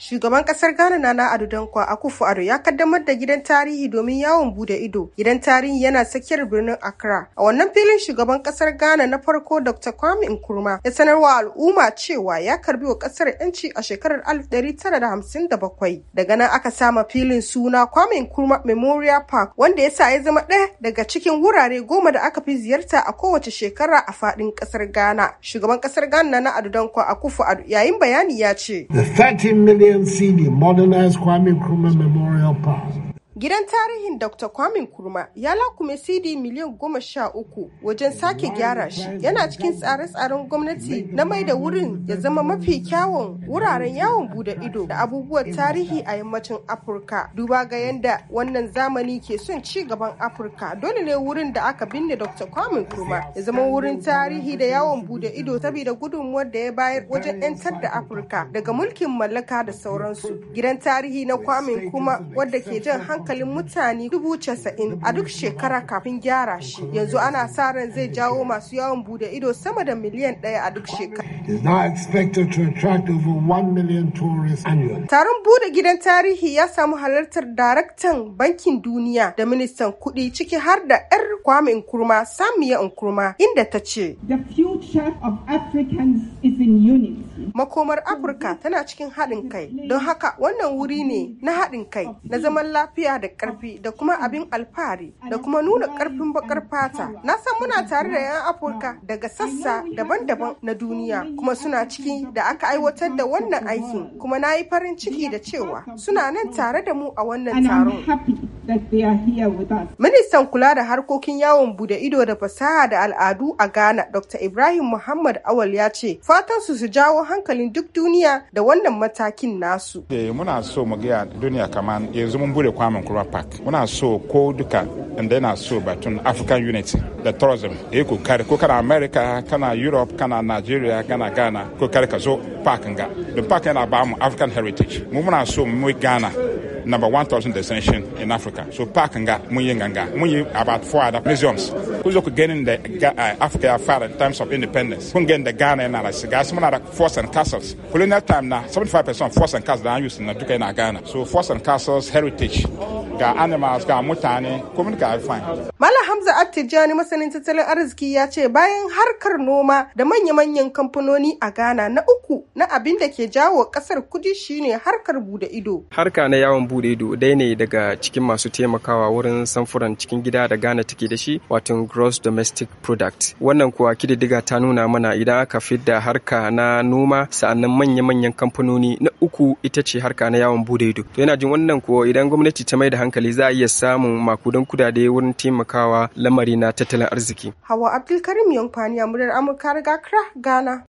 Shugaban kasar Ghana Nana Ado Dankwa Akufo addo ya kaddamar da gidan tarihi domin yawon bude ido. Gidan tarihi yana tsakiyar birnin Accra. A wannan filin shugaban kasar Ghana na farko Dr. Kwame Nkrumah ya sanarwa al'umma cewa ya karbi wa kasar yanci a shekarar 1957. Daga nan aka sama filin suna Kwame Nkrumah Memorial Park wanda ya sa ya zama ɗaya daga cikin wurare goma da aka fi ziyarta a kowace shekara a faɗin kasar Ghana. Shugaban kasar Ghana Nana Addo Dankwa Akufo addo yayin bayani ya ce. ANC, modernized Kwame Nkrumah Memorial Park. Gidan tarihin Dr. Kwame kurma ya lakume CD miliyan goma sha uku wajen sake gyara shi. Yana cikin tsare-tsaren gwamnati na mai da wurin ya zama mafi kyawun wuraren yawon bude ido da abubuwan tarihi a yammacin Afirka. Duba ga yadda wannan zamani ke son ci gaban Afirka, dole ne wurin da aka binne Dr. Kwame kurma ya zama wurin tarihi da yawon bude ido saboda gudunmuwar da ya bayar wajen 'yantar da Afirka daga mulkin mallaka da sauransu. Gidan tarihi na Kwame Nkrumah wadda ke jan hankali hankalin mutane dubu casa'in a duk shekara kafin gyara shi yanzu ana sa ran zai jawo masu yawon bude ido sama da miliyan ɗaya a duk shekara. Taron bude gidan tarihi ya samu halartar daraktan bankin duniya da ministan kuɗi ciki har da 'yar Kwame Nkrumah Samiya Nkrumah inda ta ce. The Makomar Afirka tana cikin haɗin kai, don haka wannan wuri ne na haɗin kai, na zaman lafiya da ƙarfi da kuma abin alfahari da kuma nuna ƙarfin baƙar fata. Na san muna tare da 'yan Afirka daga sassa daban-daban na duniya, kuma suna ciki da aka aiwatar da wannan aikin, kuma na yi farin ciki da cewa suna nan tare da mu a wannan taron. Ministan kula da harkokin yawon bude ido da fasaha da al'adu a Ghana, Dr. Ibrahim Muhammad Awal ya ce, fatan su su jawo hankalin duk duniya da wannan matakin nasu. Eh muna so mu ga duniya kaman yanzu mun bude kwamin Park. Muna so ko duka inda yana so batun African Unity da tourism. Eh kokari ko kana America, kana Europe, kana Nigeria, kana Ghana, ko kokari ka zo park ga. Don park yana ba mu African heritage. Mu muna so mu Ghana number 1000 destination in Africa. So park nga, munyi nga, munyi about four other museums. Kuzo ku gain the uh, Africa far in terms of independence. Kun gain the Ghana and ala siga, some other forts and castles. Colonial time na 75% of forts and castles na used na duka na Ghana. So forts and castles heritage ga animals ga mutane kuma ga fine. Mala Hamza Attijani masanin tattalin arziki ya ce bayan harkar noma da manya-manyan kamfanoni a Ghana na uku na abin da ke jawo kasar kudi shine harkar bude ido. Harka na yawon bude Buredo dai ne daga cikin masu taimakawa wurin samfuran cikin gida da Ghana take da shi wato gross domestic product. Wannan kuwa kididdiga ta nuna mana idan aka fidda harka na noma sa'annan manya-manyan kamfanoni na uku ita ce harka na yawon bude ido. To yana jin wannan kuwa idan gwamnati ta mai da hankali za a iya samun makudan kudade wurin taimakawa lamari na tattalin arziki. Hawa Abdulkarim Yonfani murar Amurka daga kra Ghana.